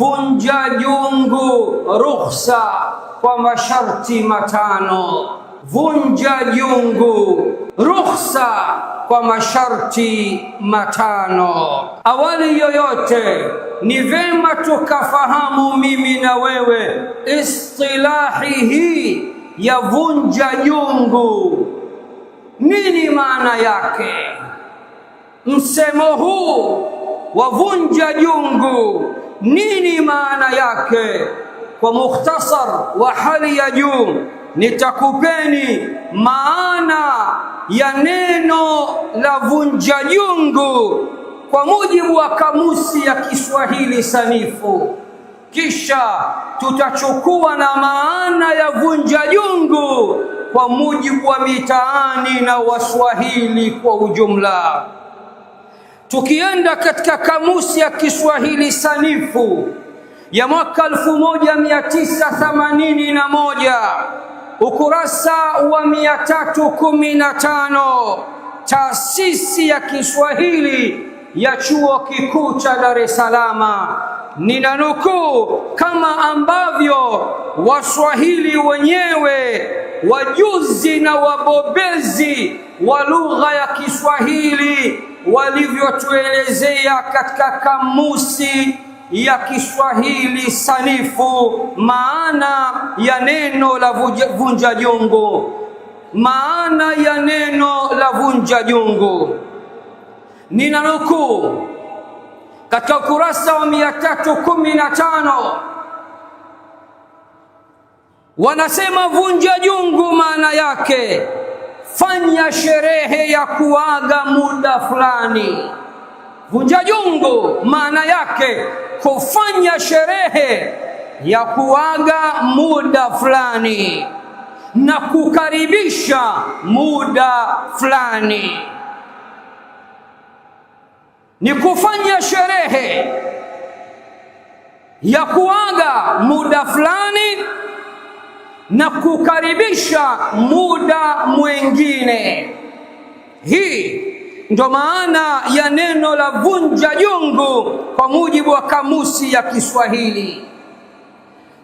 vunja jungu rukhsa kwa masharti matano, vunja jungu rukhsa kwa masharti matano. Awali yoyote ni vema tukafahamu mimi na wewe istilahi hii ya vunja jungu, nini maana yake? Msemo huu wa vunja jungu nini maana yake? Kwa mukhtasar wa hali ya juu, nitakupeni maana ya neno la vunja jungu kwa mujibu wa kamusi ya Kiswahili sanifu, kisha tutachukua na maana ya vunja jungu kwa mujibu wa mitaani na Waswahili kwa ujumla. Tukienda katika kamusi ya Kiswahili sanifu ya mwaka 1981 ukurasa wa 315 taasisi ya Kiswahili ya chuo kikuu cha Dar es Salaam, nina nukuu, kama ambavyo Waswahili wenyewe wajuzi na wabobezi wa lugha ya Kiswahili walivyotuelezea katika kamusi ya Kiswahili sanifu maana ya neno la vunja jongo. Maana ya neno la vunja jongo nukuu katika ukurasa wa 315 wanasema vunja jungu maana yake fanya sherehe ya kuaga muda fulani. Vunja jungu maana yake kufanya sherehe ya kuaga muda fulani na kukaribisha muda fulani, ni kufanya sherehe ya kuaga muda fulani na kukaribisha muda mwingine. Hii ndo maana ya neno la vunja jungu kwa mujibu wa kamusi ya Kiswahili.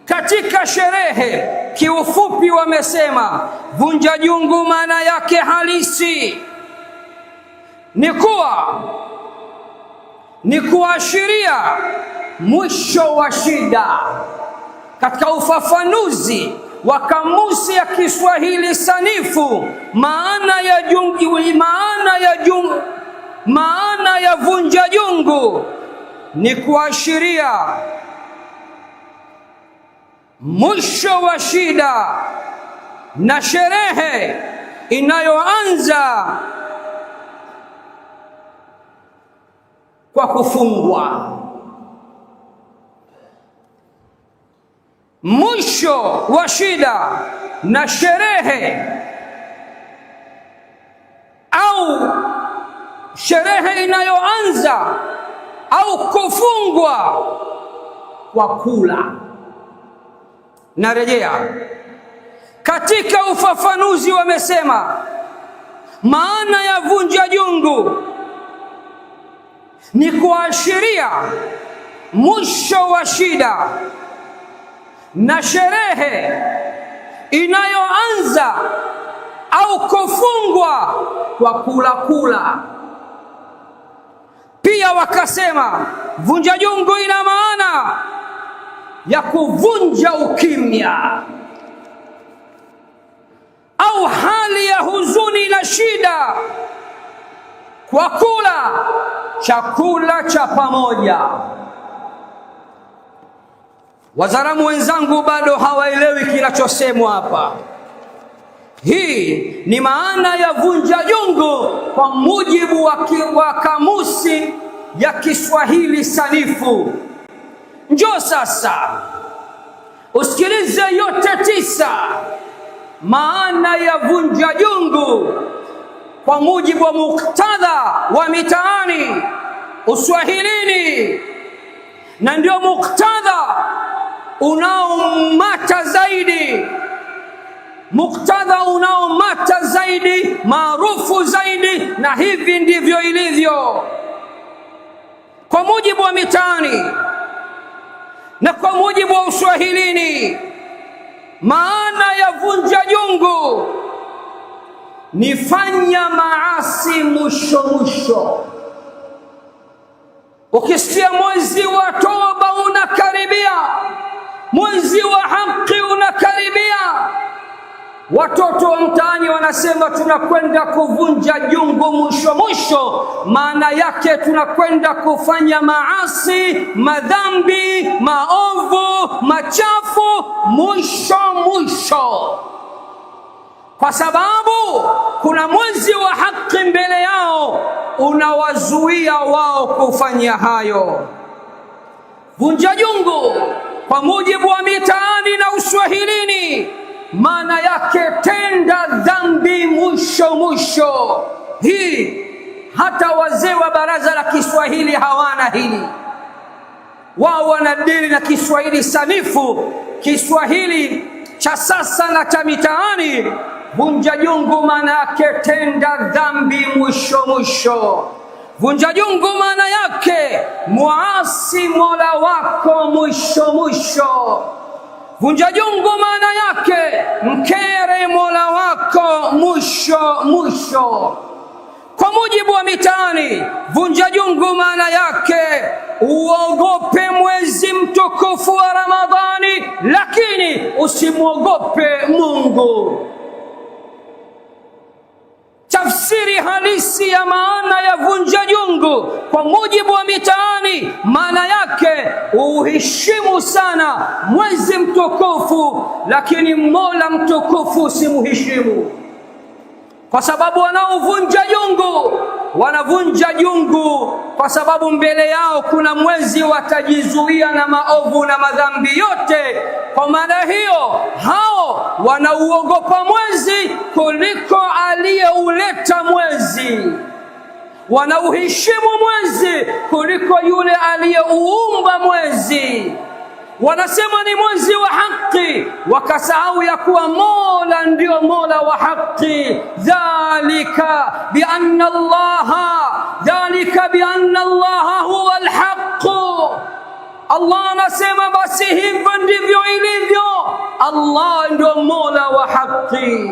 Katika sherehe, kiufupi, wamesema vunja jungu maana yake halisi ni kuwa ni kuashiria mwisho wa shida. Katika ufafanuzi wakamusi ya Kiswahili sanifu, maana ya jungi, maana ya jungu, maana ya vunja jungu ni kuashiria mwisho wa shida na sherehe inayoanza kwa kufungwa. mwisho wa shida na sherehe au sherehe inayoanza au kufungwa kwa kula. Narejea katika ufafanuzi, wamesema maana ya vunja jungu ni kuashiria mwisho wa shida na sherehe inayoanza au kufungwa kwa kula kula. Pia wakasema vunja jungu ina maana ya kuvunja ukimya au hali ya huzuni na shida kwa kula chakula cha pamoja. Wazaramu wenzangu bado hawaelewi kinachosemwa hapa. Hii ni maana ya vunja jungu kwa mujibu wa kamusi ya Kiswahili sanifu. Njoo sasa usikilize yote tisa, maana ya vunja jungu kwa mujibu wa muktadha wa mitaani Uswahilini, na ndio muktadha unaomata zaidi, muktadha unaomata zaidi, maarufu zaidi, na hivi ndivyo ilivyo kwa mujibu wa mitaani na kwa mujibu wa uswahilini. Maana ya vunja jungu ni fanya maasi mwisho mwisho. Ukisikia mwezi wa toba unakaribia mwezi wa haki unakaribia. Watoto wa mtaani wanasema tunakwenda kuvunja jungu mwisho mwisho. Maana yake tunakwenda kufanya maasi, madhambi, maovu, machafu mwisho mwisho, kwa sababu kuna mwezi wa haki mbele yao unawazuia wao kufanya hayo. Vunja jungu kwa mujibu wa mitaani na uswahilini, maana yake tenda dhambi mwisho mwisho. Hii hata wazee wa baraza la Kiswahili hawana hili, wao wana dini na Kiswahili sanifu, Kiswahili cha sasa na cha mitaani. Vunja jungu maana yake tenda dhambi mwisho mwisho. Vunja jungu maana yake muasi mola wako mwisho mwisho. Vunja jungu maana yake mkere mola wako mwisho mwisho. Kwa mujibu wa mitaani, vunja jungu maana yake uogope mwezi mtukufu wa Ramadhani, lakini usimwogope Mungu siri halisi ya maana ya vunja jungu kwa mujibu wa mitaani, maana yake uheshimu sana mwezi mtukufu, lakini mola mtukufu simuheshimu, kwa sababu wanaovunja jungu wanavunja jungu, kwa sababu mbele yao kuna mwezi, watajizuia na maovu na madhambi yote. Kwa maana hiyo, hao wanauogopa mwezi kuliko aliyeuleta mwezi, wanauheshimu mwezi kuliko yule aliyeuumba mwezi wanasema ni mwezi wa haki, wakasahau ya kuwa mola ndio mola wa haki. Dhalika bianna allaha dhalika bianna allaha huwa alhaqu, Allah anasema basi hivyo ndivyo ilivyo, Allah ndio mola wa haki.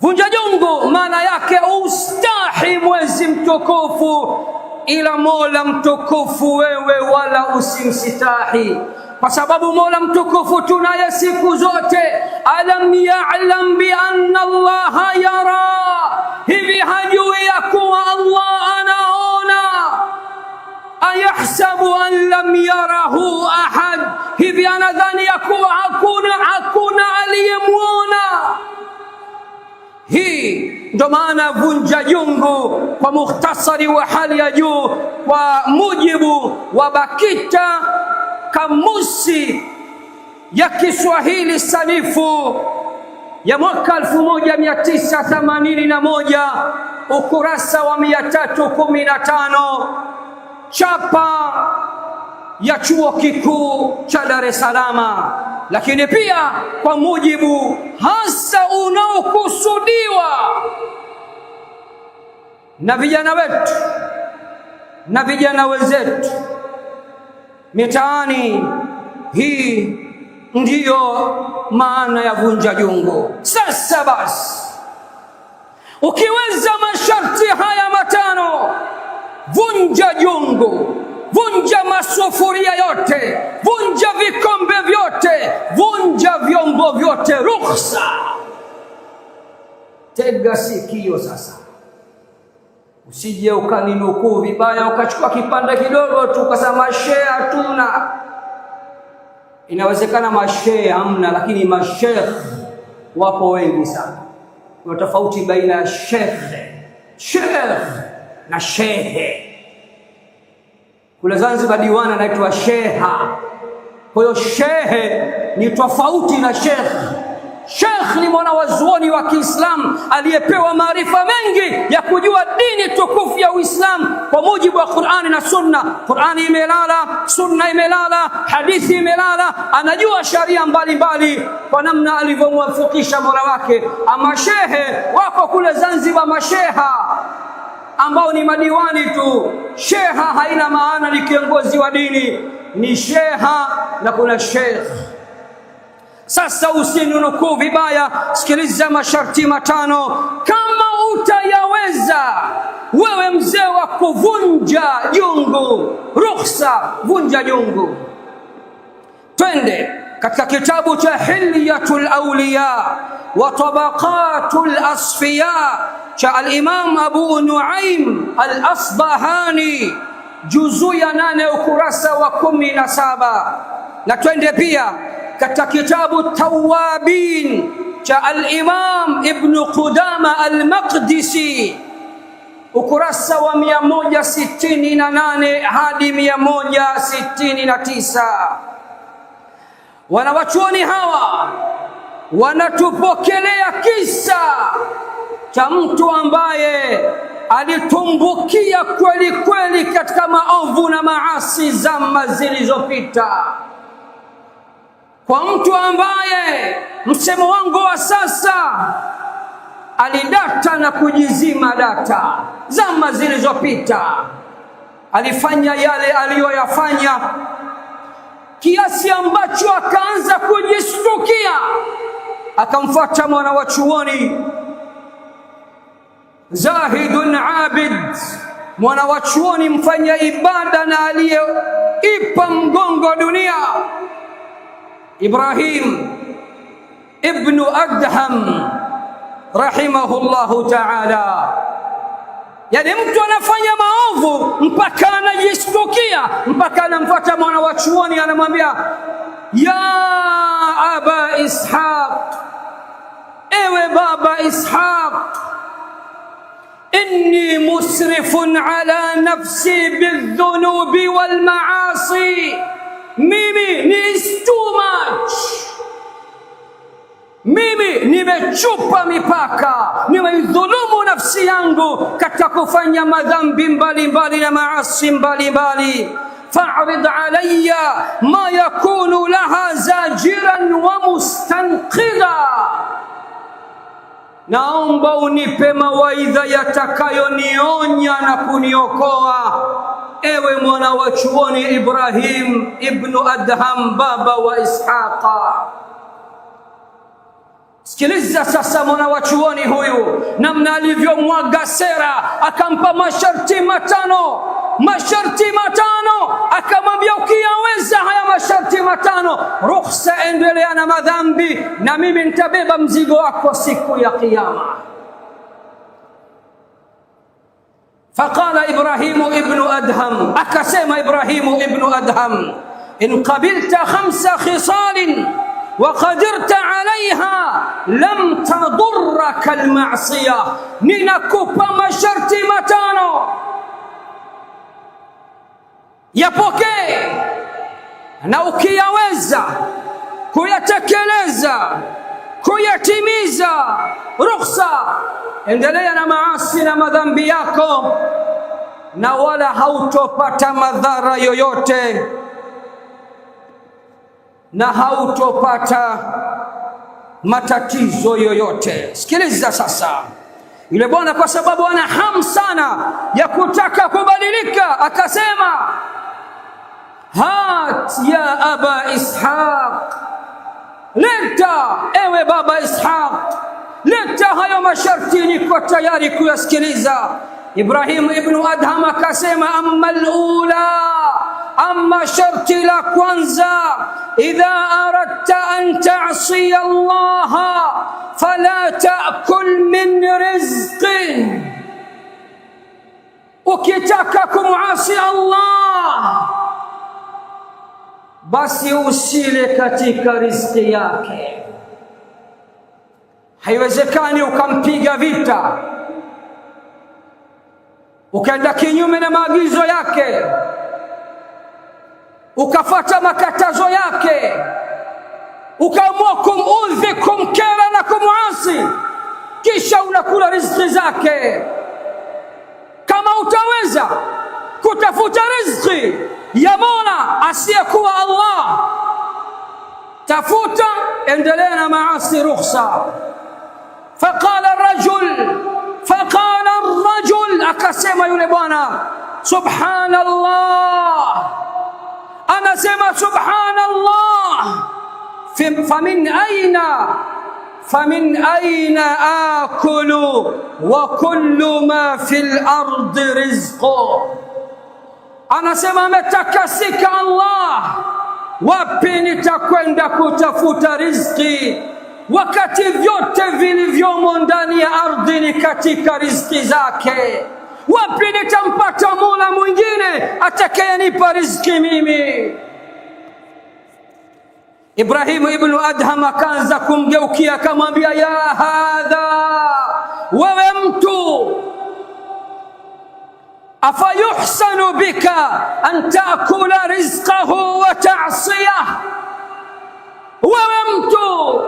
Vunja jungu maana yake ustahi mwezi mtukufu ila Mola mtukufu wewe, wala usimsitahi kwa sababu Mola mtukufu tunaye siku zote. Alam ya'lam bi anna Allah yara, hivi hajui ya kuwa Allah anaona. Ayahsabu an lam yarahu ahad, hivi anadhani ya kuwa hakuna hakuna aliyemwona hii ndo maana vunja jungu kwa mukhtasari wa hali ya juu, kwa mujibu wa BAKITA kamusi ya Kiswahili sanifu ya mwaka 1981 ukurasa wa 315 chapa ya chuo kikuu cha Dar es Salaam lakini pia kwa mujibu hasa unaokusudiwa na vijana wetu na vijana wenzetu mitaani. Hii ndiyo maana ya vunja jungu. Sasa basi, ukiweza masharti haya matano, vunja jungu vunja masufuria yote, vunja vikombe vyote, vunja vyombo vyote, rukhsa. Tega sikio sasa, usije ukaninukuu vibaya, ukachukua kipande kidogo tu ukasema mashehe hatuna. Inawezekana mashehe hamna, lakini mashekh wapo wengi sana. Kuna tofauti baina ya shekhe shekh na shehe kule Zanzibar diwani anaitwa sheha. Kwa hiyo shehe ni tofauti na shekh. Shekh ni mwana wa zuoni wa Kiislamu aliyepewa maarifa mengi ya kujua dini tukufu ya Uislamu kwa mujibu wa Qur'ani na Sunna. Qur'ani imelala, Sunna imelala, hadithi imelala, anajua sharia mbalimbali kwa namna alivyomwafikisha Mola wake. Ama shehe wako kule Zanzibar, masheha ambao ni madiwani tu. Sheha haina maana ni kiongozi wa dini, ni sheha na kuna sheikh. Sasa usinunukuu vibaya, sikiliza masharti matano. Kama utayaweza wewe mzee wa kuvunja jungu, ruhusa vunja jungu, twende katika kitabu cha Hilyatul Awliya wa Tabaqatul Asfiya cha al-Imam Abu Nuaim al-Asbahani juzu ya nane ukurasa wa kumi na saba na twende pia katika kitabu Tawabin cha al-Imam Ibn Qudama al-Maqdisi ukurasa wa mia moja na nane hadi mia moja na tisa Wanawachuoni hawa wanatupokelea kisa cha mtu ambaye alitumbukia kweli kweli katika maovu na maasi zama zilizopita, kwa mtu ambaye msemo wangu wa sasa alidata na kujizima data. Zama zilizopita alifanya yale aliyoyafanya kiasi ambacho akaanza kujistukia, akamfuata mwana wa chuoni Zahidun Abid, mwana wa chuoni mfanya ibada na aliyeipa mgongo dunia, Ibrahim ibnu Adham rahimahullahu ta'ala. Yaani mtu anafanya maovu mpaka anajishtukia, mpaka anamfuata mwana wa chuoni anamwambia, ya aba Ishaq, ewe baba Ishaq, inni musrifun ala nafsi bildhunubi walmaasi, mimi ni is too much mimi nimechupa mipaka, nimeidhulumu nafsi yangu katika kufanya madhambi mbalimbali na maasi mbalimbali farid alayya ma yakunu laha zajiran wa mustanqidha, naomba unipe mawaidha yatakayonionya na kuniokoa, ewe mwana wa chuoni Ibrahim ibnu Adham, baba wa Ishaqa. Sikiliza sasa mwanawachuoni huyu namna alivyomwaga sera, akampa masharti matano, masharti matano, akamwambia ukiyaweza haya masharti matano, ruhusa, endelea na madhambi, na mimi nitabeba mzigo wako siku ya Kiyama. Faqala Ibrahimu ibnu Adham, akasema Ibrahimu ibnu Adham, in qabilta khamsa khisalin وقدرت عليها لم تضرك المعصية نينكو بما شرت متانو يبوكي نوكي وزا كو يتكلزا كو يتميزا رخصة اندلينا معاصينا مذنبياكم نولا هوتو فتا مذارا يويوتي na hautopata matatizo yoyote. Sikiliza sasa, yule bwana kwa sababu ana hamu sana ya kutaka kubadilika, akasema hat ya aba Ishaq, leta ewe baba Ishaq, leta hayo masharti, niko tayari kuyasikiliza. Ibrahimu ibnu Adham akasema amma alula أما شرطي لا كوانزا إذا أردت أن تعصي الله فلا تأكل من رزق وكتككم عصي الله بس يوسيلي كتك رزقياك حيو زكاني وكم بيغا فيتا وكان لكي يومنا ما بيزو ياكي ukafata makatazo yake, ukaamua kumudhi, kumkera na kumwasi, kisha unakula riziki zake. Kama utaweza kutafuta riziki ya Mola asiyekuwa Allah, tafuta, endelea na maasi rukhsa. Faqala rajul, faqala rajul, akasema yule bwana, subhanallah anasema subhanallah famin aina famin aina akulu wa kullu ma fil ardi rizqu, anasema ametakasika Allah, wapi nitakwenda kutafuta riziki wakati vyote vilivyomo ndani ya ardhi ni katika riziki zake. wapi nitampata Mola mwingine atakayenipa riziki mimi? Ibrahimu ibnu Adham akaanza kumgeukia akamwambia, ya hadha, wewe mtu afayuhsanu bika an taakula rizqahu wa tasiyah, wewe mtu,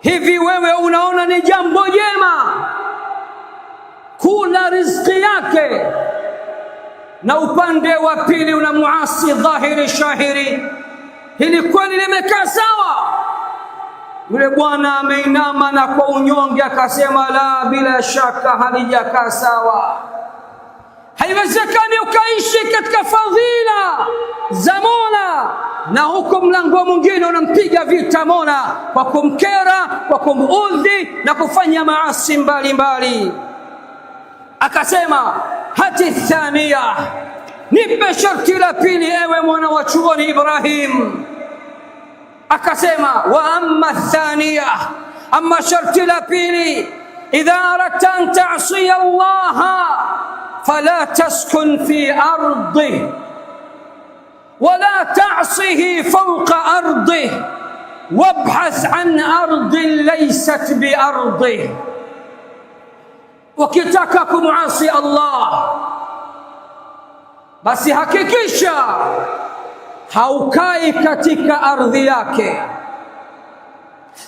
hivi wewe unaona ni jambo jema kula riziki yake, na upande wa pili una muasi dhahiri shahiri. Hili kweli limekaa sawa? Yule bwana ameinama na kwa unyonge akasema, la, bila shaka halijakaa sawa. Haiwezekani ukaishi katika fadhila za Mola na huko mlango mwingine unampiga vita Mola kwa kumkera, kwa kumudhi na kufanya maasi mbalimbali mbali. akasema hati thania, nipe sharti la pili, ewe mwana wa chuoni Ibrahim. Akasema wa amma thania, amma sharti la pili, idha aradta an tasiya Allaha fala taskun fi ardih ولا تعصه فوق أرضه وابحث عن أرض ليست بأرضه Ukitaka kumuasi Allah, basi hakikisha haukai katika ardhi yake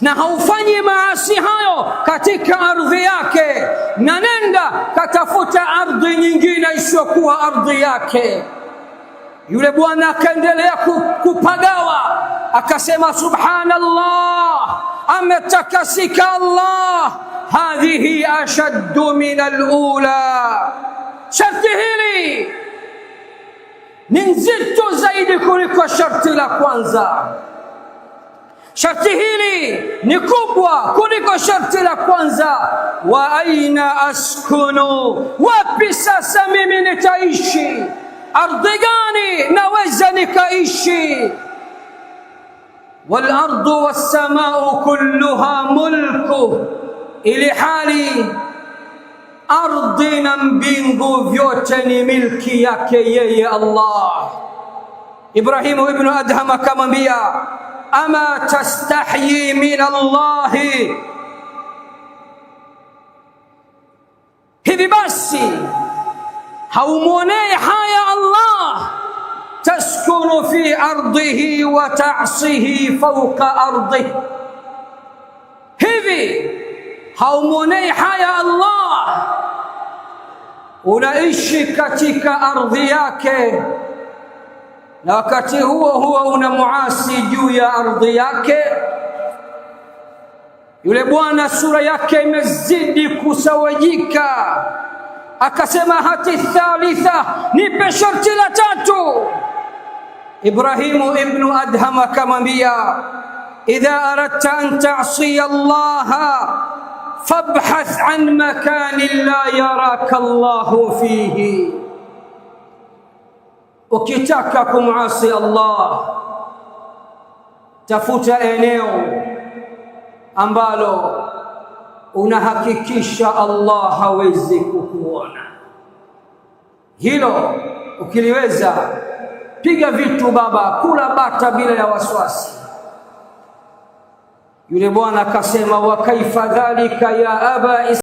na haufanyi maasi hayo katika ardhi yake, na nenda katafuta ardhi nyingine isiyokuwa ardhi yake. Yule bwana akaendelea kupagawa, akasema subhanallah, ametakasika Allah هذه أشد من الأولى شرطه لي من زدت زيد كلك شرط لكوانزا شرطه لي نكبوا كلك شرط لكوانزا وأين أسكن وبس سمي من تعيشي أرضقاني نوزنك إيشي والأرض والسماء كلها ملكه ilihali ardhi na mbingu vyote ni milki yake yeye Allah. Ibrahimu ibn Adham akamwambia, ama tastahyi min Allahi, hivi basi haumwonei haya Allah taskunu fi ardhihi wa ta'sihi fawqa ardhihi, hivi haumwonei haya Allah, unaishi katika ardhi yake na wakati huo huo una muasi juu ya ardhi yake. Yule bwana sura yake imezidi kusawajika, akasema hati thalitha, nipe sharti la tatu. Ibrahimu ibnu Adham akamwambia idha aradta an ta'siya Allaha فابحث عن مكان لا يراك الله فيه ukitaka kumasi Allah tafuta eneo ambalo unahakikisha Allah hawezi kukuona. Hilo ukiliweza, piga vitu baba, kula bata bila ya wasiwasi. Yule bwana akasema, wa kaifa dhalika ya aba